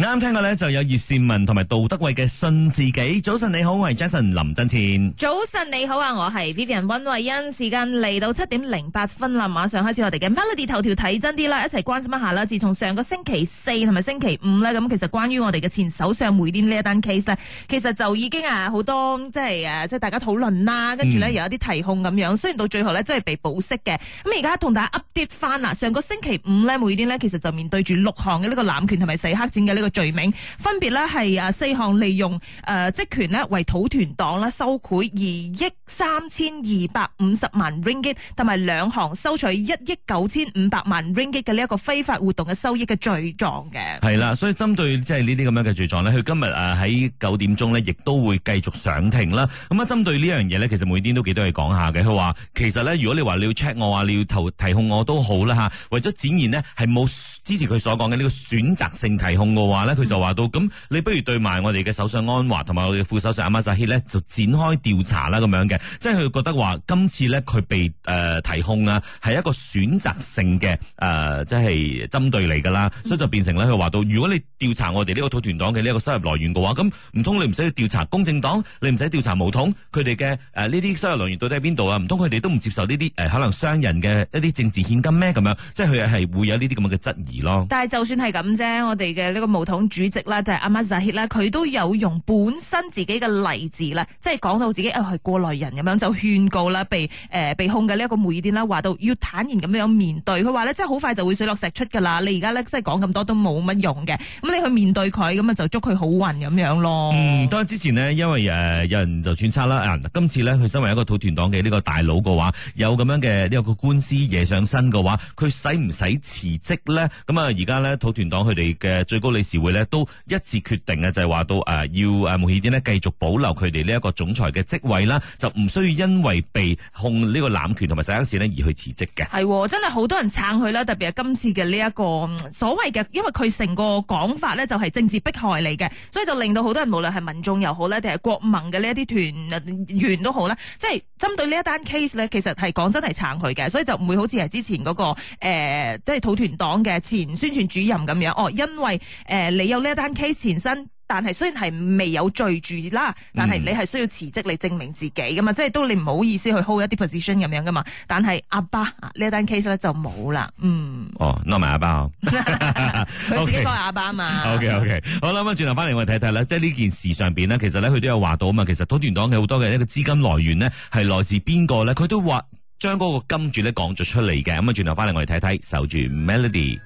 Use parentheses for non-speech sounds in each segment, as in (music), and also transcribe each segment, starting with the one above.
啱啱聽過呢，就有葉倩文同埋杜德偉嘅《信自己》。早晨你好，我係 Jason 林振千。早晨你好啊，我係 Vivian 温慧欣。時間嚟到七點零八分啦，馬上開始我哋嘅《Melody 頭條》，睇真啲啦，一齊關心一下啦。自從上個星期四同埋星期五呢，咁其實關於我哋嘅前首相慕尤丁呢一單 case 呢，其實就已經啊好多即係誒即係大家討論啦，跟住呢，有一啲提控咁樣。雖然到最後呢，真係被保釋嘅，咁而家同大家 update 翻啦，上個星期五呢，慕尤丁呢，其實就面對住六項嘅呢個濫權同埋洗黑錢嘅呢個。罪名分別咧係啊四項利用誒職權咧為土團黨啦收賄二億三千二百五十萬 ringgit，同埋兩項收取一億九千五百萬 ringgit 嘅呢一個非法活動嘅收益嘅罪狀嘅。係啦，所以針對即係呢啲咁樣嘅罪狀呢，佢今日誒喺九點鐘呢亦都會繼續上庭啦。咁啊，針對呢樣嘢呢，其實每天都幾多嘢講下嘅。佢話其實呢，如果你話你要 check 我啊，你要投提控我都好啦嚇。為咗展現呢，係冇支持佢所講嘅呢個選擇性提控嘅話。佢、嗯、就話到咁，你不如對埋我哋嘅首相安華同埋我哋副首相阿馬扎希呢，就展開調查啦咁樣嘅，即係佢覺得話今次呢，佢被誒提控啊，係一個選擇性嘅誒、呃，即係針對嚟噶啦，所以就變成呢，佢話到，如果你調查我哋呢個土團黨嘅呢個收入來源嘅話，咁唔通你唔使去調查公正黨，你唔使調查巫統佢哋嘅誒呢啲收入來源到底喺邊度啊？唔通佢哋都唔接受呢啲、呃、可能商人嘅一啲政治獻金咩？咁樣即係佢係會有呢啲咁嘅質疑咯。但係就算係咁啫，我哋嘅呢個巫統主席啦，就係阿末扎希啦，佢都有用本身自己嘅例子啦，即係講到自己係、呃、過來人咁樣，就勸告啦、呃，被誒被控嘅呢一個慕尤丁啦，話到要坦然咁樣面對，佢話咧，即係好快就會水落石出噶啦，你而家咧即係講咁多都冇乜用嘅，咁你去面對佢，咁啊就祝佢好運咁樣咯。嗯，當然之前呢，因為誒有人就揣測啦，今次呢，佢身為一個土團黨嘅呢個大佬嘅話，有咁樣嘅呢個官司惹上身嘅話，佢使唔使辭職呢？咁啊而家呢，土團黨佢哋嘅最高理事事會咧都一致決定嘅，就係話到誒要誒穆希丁咧繼續保留佢哋呢一個總裁嘅職位啦，就唔需要因為被控呢個濫權同埋洗黑錢咧而去辭職嘅。係，真係好多人撐佢啦，特別係今次嘅呢一個所謂嘅，因為佢成個講法呢就係政治迫害嚟嘅，所以就令到好多人無論係民眾又好咧，定係國盟嘅呢一啲團員都好啦。即係針對呢一單 case 呢，其實係講真係撐佢嘅，所以就唔會好似係之前嗰個、欸、即係土團黨嘅前宣傳主任咁樣哦，因為誒。欸誒，你有呢一單 case 前身，但係雖然係未有罪住啦，但係你係需要辭職嚟證明自己噶嘛，嗯、即係都你唔好意思去 hold 一啲 position 咁樣噶嘛。但係阿爸呢一單 case 咧就冇啦，嗯。哦，攞埋阿爸，佢 (laughs) 自己講阿爸嘛。 (laughs) OK OK，好啦，咁轉頭翻嚟我哋睇睇啦，即係呢件事上邊呢，其實呢，佢都有話到啊嘛。其實統聯黨嘅好多嘅一個資金來源來呢，係來自邊個咧？佢都話將嗰個金主咧講咗出嚟嘅。咁啊，轉頭翻嚟我哋睇睇，守住 Melody。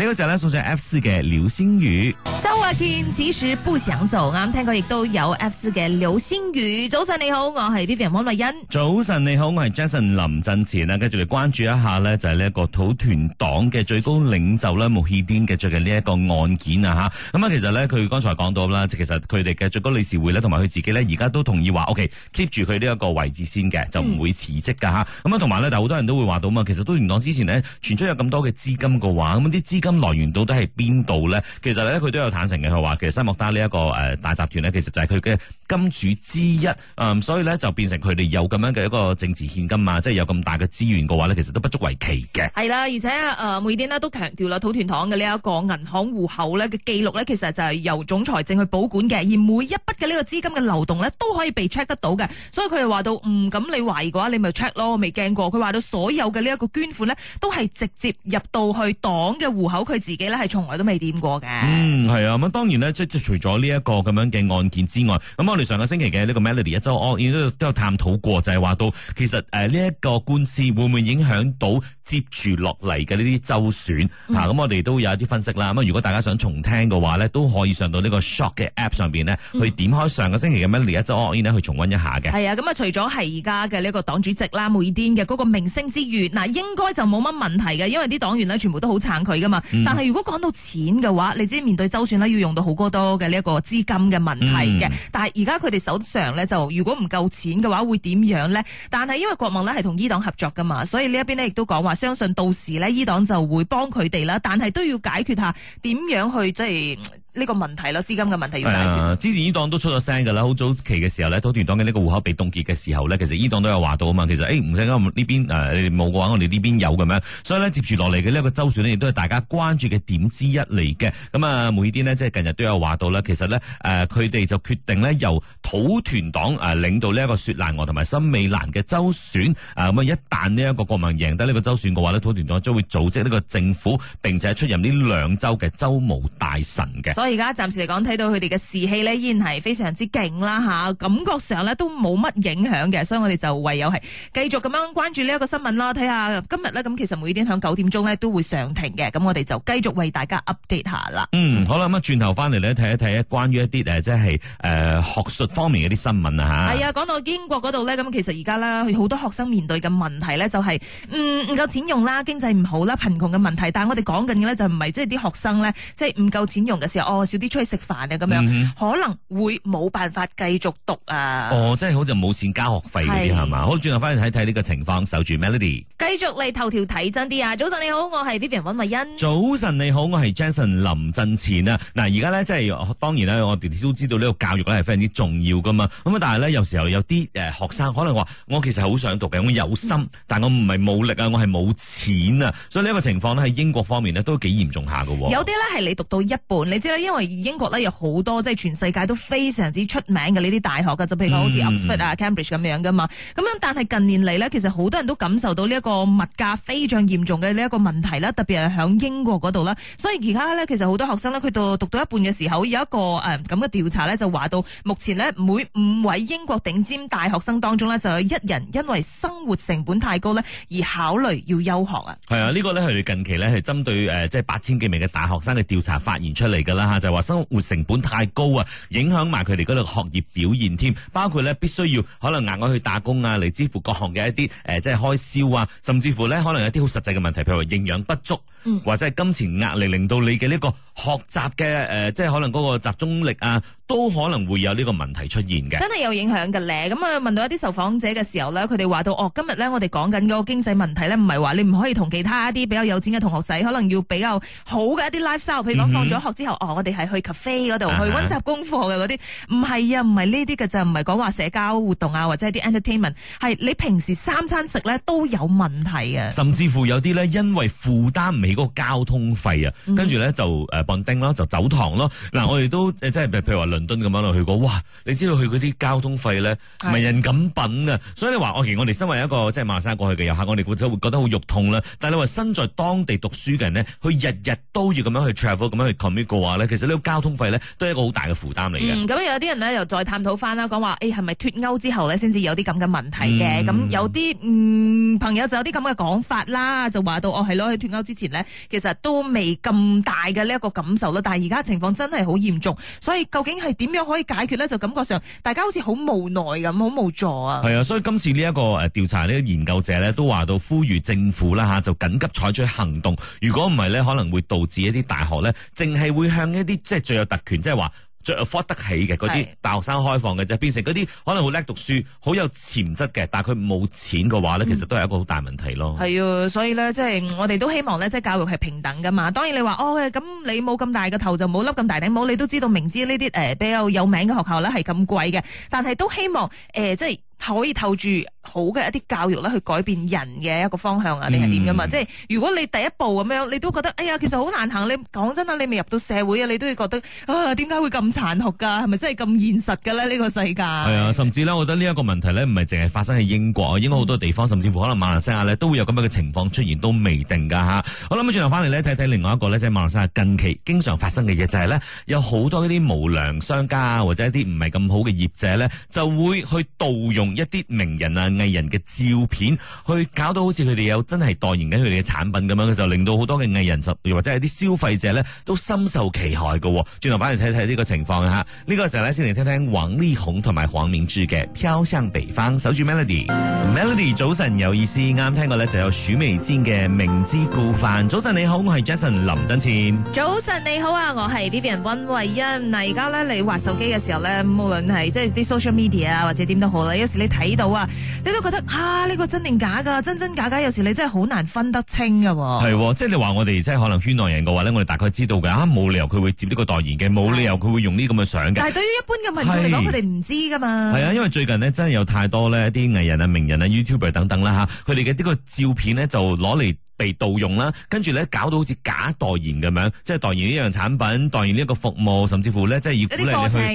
呢個時候咧，送上 F4 嘅流星雨、周華健其實不想走。啱，聽講亦都有 F4 嘅流星雨。早晨你好，我係 Vivian 汪麗欣。早晨你好，我係 Jason 林振前啦。繼續嚟關注一下呢，就係呢一個土團黨嘅最高領袖咧穆希丁嘅最近呢一個案件啊吓。咁啊，其實呢，佢剛才講到啦，其實佢哋嘅最高理事會呢，同埋佢自己呢，而家都同意話，OK，keep、OK, 住佢呢一個位置先嘅，就唔會辭職噶吓。咁啊、嗯，同埋呢，但好多人都會話到嘛，其實土團黨之前呢，傳出有咁多嘅資金嘅話，咁啲資金。來源到底係邊度呢？其實咧佢都有坦誠嘅，佢話其實西莫達呢一個誒大集團呢，其實就係佢嘅金主之一，嗯，所以呢，就變成佢哋有咁樣嘅一個政治獻金啊，即、就、係、是、有咁大嘅資源嘅話呢，其實都不足為奇嘅。係啦，而且誒、呃、每迪呢都強調啦，土團黨嘅呢一個銀行戶口呢嘅記錄呢，其實就係由總財政去保管嘅，而每一筆嘅呢個資金嘅流動呢，都可以被 check 得到嘅，所以佢又話到唔咁、嗯、你懷疑嘅話，你咪 check 咯，我未驚過。佢話到所有嘅呢一個捐款呢，都係直接入到去黨嘅戶。口佢自己咧係從來都未掂過嘅。嗯，係啊，咁當然咧，即係除咗呢一個咁樣嘅案件之外，咁我哋上個星期嘅呢個 Melody 一周 on air 都有探討過，就係、是、話到其實誒呢一個官司會唔會影響到接住落嚟嘅呢啲周選咁、嗯啊、我哋都有一啲分析啦。咁如果大家想重聽嘅話咧，都可以上到呢個 Shock 嘅 App 上面呢，去點開上個星期嘅 Melody 一周 on air 去重溫一下嘅。係啊、嗯，咁啊，除咗係而家嘅呢個個黨主席啦，梅異嘅嗰個明星之餘，嗱，應該就冇乜問題嘅，因為啲黨員呢，全部都好撐佢噶嘛。但係如果講到錢嘅話，你知面對州選咧，要用到好多多嘅呢一個資金嘅問題嘅、嗯。但係而家佢哋手上咧，就如果唔夠錢嘅話，會點樣咧？但係因為國盟咧係同伊黨合作噶嘛，所以呢一邊咧亦都講話，相信到時咧伊黨就會幫佢哋啦。但係都要解決下點樣去即係呢、呢個問題咯，資金嘅問題要解決。啊、之前伊黨都出咗聲噶啦，好早期嘅時候呢，土團黨嘅呢個戶口被凍結嘅時候呢，其實伊黨都有話到啊嘛。其實誒唔使驚呢邊誒冇嘅話，我哋呢邊有咁樣。所以咧接住落嚟嘅呢一個州選呢，亦都係大家關注嘅點之一嚟嘅，咁啊，慕尤丁呢，即係近日都有話到啦，其實呢，誒、呃，佢哋就決定呢，由土團黨誒領導呢一個雪蘭莪同埋森美蘭嘅州選，啊咁啊，一旦呢一個國民贏得呢個州選嘅話呢，土團黨將會組織呢個政府並且出任呢兩州嘅州務大臣嘅。所以而家暫時嚟講睇到佢哋嘅士氣呢，依然係非常之勁啦嚇，感覺上呢，都冇乜影響嘅，所以我哋就唯有係繼續咁樣關注呢一個新聞啦，睇下今日呢，咁其實慕尤丁喺九點鐘呢，都會上庭嘅，咁我哋。就繼續為大家 update 下啦。嗯，好啦，咁啊轉頭翻嚟咧睇一睇啊，關於一啲誒即係誒學術方面嘅啲新聞啊嚇。係啊，講到英國嗰度咧，咁其實而家咧好多學生面對嘅問題咧就係唔唔夠錢用啦，經濟唔好啦，貧窮嘅問題。但係我哋講緊嘅咧就唔係即係啲學生咧，即係唔夠錢用嘅時候，哦少啲出去食飯啊咁樣，嗯、哼可能會冇辦法繼續讀啊。哦，即係好似冇錢交學費嗰啲係嘛？好，轉頭翻嚟睇睇呢個情況，守住 Melody。繼續嚟頭條睇真啲啊！早晨你好，我係 Vivian 尹慧欣。早晨你好，我係 Jason 林振前啊！嗱，而家咧即係當然啦，我哋都知道呢個教育呢係非常之重要噶嘛。咁但係咧有時候有啲誒學生可能話，我其實好想讀嘅，我有心，但我唔係冇力啊，我係冇錢啊。所以呢個情況呢，喺英國方面呢都幾嚴重下噶。有啲呢係你讀到一半，你知道因為英國呢有好多即係全世界都非常之出名嘅呢啲大學噶，就譬如好似 Oxford、嗯、啊、Cambridge 咁樣噶嘛。咁樣但係近年嚟呢，其實好多人都感受到呢一個物價非常嚴重嘅呢一個問題啦，特別係響英。英國嗰度啦，所以其他咧，其實好多學生呢，佢到讀到一半嘅時候，有一個誒咁嘅調查呢，就話到目前呢，每五位英國頂尖大學生當中呢，就有一人因為生活成本太高呢，而考慮要休學啊。係啊，呢、呢個呢，係近期呢，係針對誒即係八千幾名嘅大學生嘅調查發現出嚟噶啦吓，就話、是、生活成本太高啊，影響埋佢哋嗰度學業表現添，包括呢，必須要可能額外去打工啊嚟支付各項嘅一啲誒、呃、即係開銷啊，甚至乎呢，可能有啲好實際嘅問題，譬如話營養不足，或者、嗯。金錢壓力令到你嘅呢個學習嘅誒，即係可能嗰個集中力啊，都可能會有呢個問題出現嘅。真係有影響嘅咧。咁啊，問到一啲受訪者嘅時候咧，佢哋話到哦，今日咧我哋講緊嗰個經濟問題咧，唔係話你唔可以同其他一啲比較有錢嘅同學仔，可能要比較好嘅一啲 lifestyle，譬如講放咗學之後，嗯、哼哦，我哋係去 cafe 嗰度去溫習功課嘅嗰啲，唔係啊，唔係呢啲嘅就唔係講話社交活動啊，或者係啲 entertainment，係你平時三餐食咧都有問題嘅。甚至乎有啲咧，因為負擔唔起嗰個交。交通費啊，跟住咧就蹦丁啦，就走堂咯。嗱、嗯，我哋都即係譬如話倫敦咁樣去過，哇！你知道佢嗰啲交通費咧，係咪人咁品啊？所以你話，我其實我哋身為一個即係馬來西亞過去嘅遊客，我哋會真會覺得好肉痛啦。但係你話身在當地讀書嘅人呢，佢日日都要咁樣去 travel，咁樣去 commit 嘅話咧，其實呢個交通費咧都係一個好大嘅負擔嚟嘅。咁、嗯、有啲人咧又再探討翻啦，講話誒係咪脱歐之後咧先至有啲咁嘅問題嘅？咁、嗯、有啲、嗯、朋友就有啲咁嘅講法啦，就話到哦係咯，喺脱歐之前呢。其實都未咁大嘅呢一個感受啦，但係而家情況真係好嚴重，所以究竟係點樣可以解決咧？就感覺上大家好似好無奈咁，好無助啊！係啊，所以今次呢一個誒調查呢，個研究者咧都話到呼籲政府啦吓，就緊急採取行動。如果唔係咧，可能會導致一啲大學咧，淨係會向一啲即係最有特權，即係話。著 fford 得起嘅嗰啲大學生開放嘅就是變成嗰啲可能好叻讀書好有潛質嘅，但係佢冇錢嘅話咧，其實都係一個好大問題咯。係啊、嗯，所以咧，即係我哋都希望咧，即係教育係平等噶嘛。當然你話哦，咁你冇咁大個頭就冇笠咁大頂帽，你都知道明知呢啲誒比較有名嘅學校咧係咁貴嘅，但係都希望誒、呃、即係。可以透住好嘅一啲教育咧，去改變人嘅一個方向啊，定係點噶嘛？嗯、即係如果你第一步咁樣，你都覺得，哎呀，其實好難行。你講真啊，你未入到社會啊，你都會覺得啊，點解會咁殘酷㗎？係咪真係咁現實㗎咧？呢、呢個世界係啊，甚至呢，我覺得呢一個問題呢，唔係淨係發生喺英國，應該好多地方，嗯、甚至乎可能馬來西亞都會有咁樣嘅情況出現，都未定㗎吓，好啦，咁轉頭翻嚟睇睇另外一個呢，即、就、係、是、馬來西亞近期經常發生嘅嘢，就係呢，有好多一啲無良商家或者一啲唔係咁好嘅業者呢，就會去盜用。一啲名人啊、藝人嘅照片，去搞到好似佢哋有真係代言緊佢哋嘅產品咁樣嘅時候，令到好多嘅藝人實，或者係啲消費者咧都深受其害嘅。轉頭翻嚟睇睇呢個情況吓，呢、這個時候咧，先嚟聽聽王力宏同埋黃明志嘅《飄向北方》守，守住 Melody。Melody，早晨，有意思。啱聽過咧就有許魏洲嘅《明知故犯》。早晨你好，我係 Jason 林振倩。早晨你好啊，我係 B B 人溫慧欣。嗱，而家咧你滑手機嘅時候咧，無論係即係啲 social media 啊，或者點都好啦，你睇到啊，你都覺得啊，呢個真定假噶，真真假假，有時你真係好難分得清噶。係，即係你話我哋即係可能圈內人嘅話咧，我哋大概知道嘅。啊，冇理由佢會接呢個代言嘅，冇理由佢會用呢咁嘅相嘅。但係對於一般嘅民眾嚟講，佢哋唔知噶嘛。係啊，因為最近呢，真係有太多呢啲藝人啊、名人啊、YouTuber 等等啦嚇，佢哋嘅呢個照片呢，就攞嚟被盜用啦，跟住咧搞到好似假代言咁樣，即係代言呢樣產品，代言呢一個服務，甚至乎咧即係要鼓勵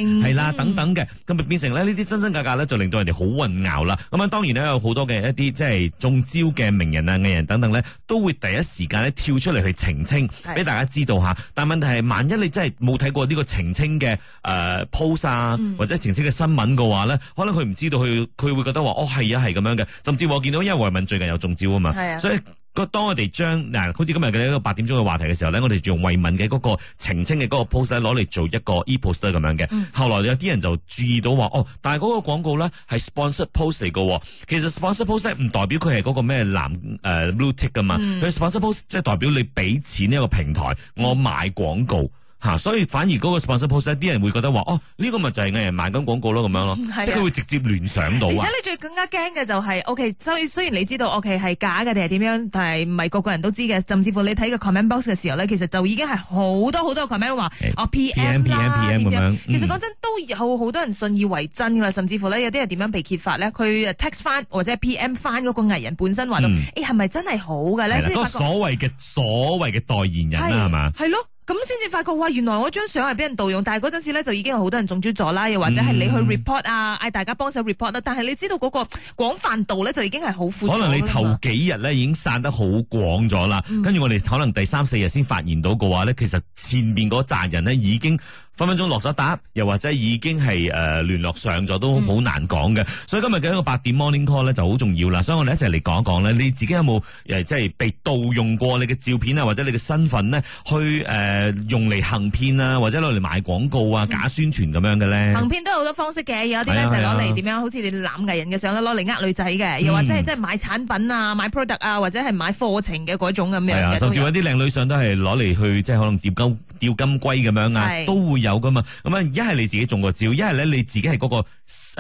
你去係啦等等嘅，咁咪變成咧呢啲真真假假咧，就令到人哋好混淆啦。咁啊，當然咧有好多嘅一啲即係中招嘅名人啊、藝人等等咧，都會第一時間咧跳出嚟去澄清，俾是大家知道吓。但問題係，萬一你真係冇睇過呢個澄清嘅誒、呃、post 啊，嗯、或者澄清嘅新聞嘅話咧，可能佢唔知道，佢佢會覺得話哦係啊係咁樣嘅，甚至我見到因為黃偉文最近有中招啊嘛，啊所以。當當我哋將嗱，好似今日嘅呢一個八點鐘嘅話題嘅時候咧，我哋就用慰問嘅嗰個澄清嘅嗰個 post 攞嚟做一個 e-post 咁樣嘅。後來有啲人就注意到話，哦，但係嗰個廣告咧係 sponsor post 嚟嘅，其實 sponsor post 呢唔代表佢係嗰個咩藍誒 blue tick 噶嘛，佢、嗯、sponsor post 即係代表你俾錢呢一個平台，我買廣告。啊、所以反而嗰個 sponsor p o s t 啲人會覺得話哦，呢、這個咪就係藝人賣緊廣告咯咁樣咯，的即係佢會直接聯想到而、啊、且你最更加驚嘅就係 O K，所以雖然你知道 O K 係假嘅定係點樣，但係唔係個個人都知嘅。甚至乎你睇個 comment box 嘅時候咧，其實就已經係好多好多 comment 話哦 P M 啦，咁樣？其實講真都有好多人信以為真㗎啦。甚至乎呢，有啲係點樣被揭發咧？佢 text 翻或者 P M 翻嗰個藝人本身話到，咦、嗯，係咪、欸、真係好嘅咧的？所謂嘅所謂嘅代言人啦，係嘛的？係咯吧。咁先至發覺，哇！原來我張相係俾人盜用，但係嗰陣時咧就已經有好多人中招咗啦，又或者係你去 report 啊，嗌大家幫手 report 啦。但係你知道嗰個廣泛度咧，就已經係好闊。可能你頭幾日咧已經散得好廣咗啦，跟住我哋可能第三四日先發現到嘅話咧，其實前面嗰扎人咧已經。分分鐘落咗單，又或者已經係誒聯絡上咗，都好、嗯、難講嘅。所以今日嘅一個八點 morning call 咧就好重要啦。所以我哋一齊嚟講一講咧，你自己有冇誒、呃、即係被盜用過你嘅照片啊，或者你嘅身份呢？去誒、呃、用嚟行騙啊，或者攞嚟買廣告啊、假宣傳咁樣嘅咧？行騙都有好多方式嘅，有啲咧就攞嚟點樣，好似你男藝人嘅相攞嚟呃女仔嘅，又或者係即係買產品啊、嗯、買 product 啊，或者係買課程嘅嗰種咁樣。係、啊、甚至有啲靚有女相都係攞嚟去即係可能釣金釣金龜咁樣啊，是都會。有噶嘛？咁啊，一係你自己中個招，一係咧你自己係嗰個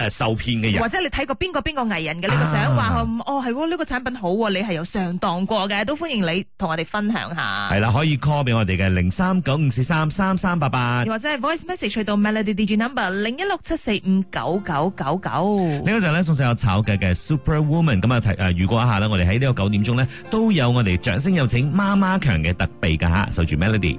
誒受騙嘅人，或者你睇過邊個邊個藝人嘅呢個相話哦，係呢個產品好啊！你係有上當過嘅，都歡迎你同我哋分享下。係啦，可以 call 俾我哋嘅零三九五四三三三八八，或者係 voice message 去到 Melody DJ number 零一六七四五九九九九。呢個時候呢，送上有炒嘅嘅 Super Woman，咁啊誒預告一下呢，我哋喺呢個九點鐘呢，都有我哋掌聲有請媽媽強嘅特備噶吓，守住 Melody。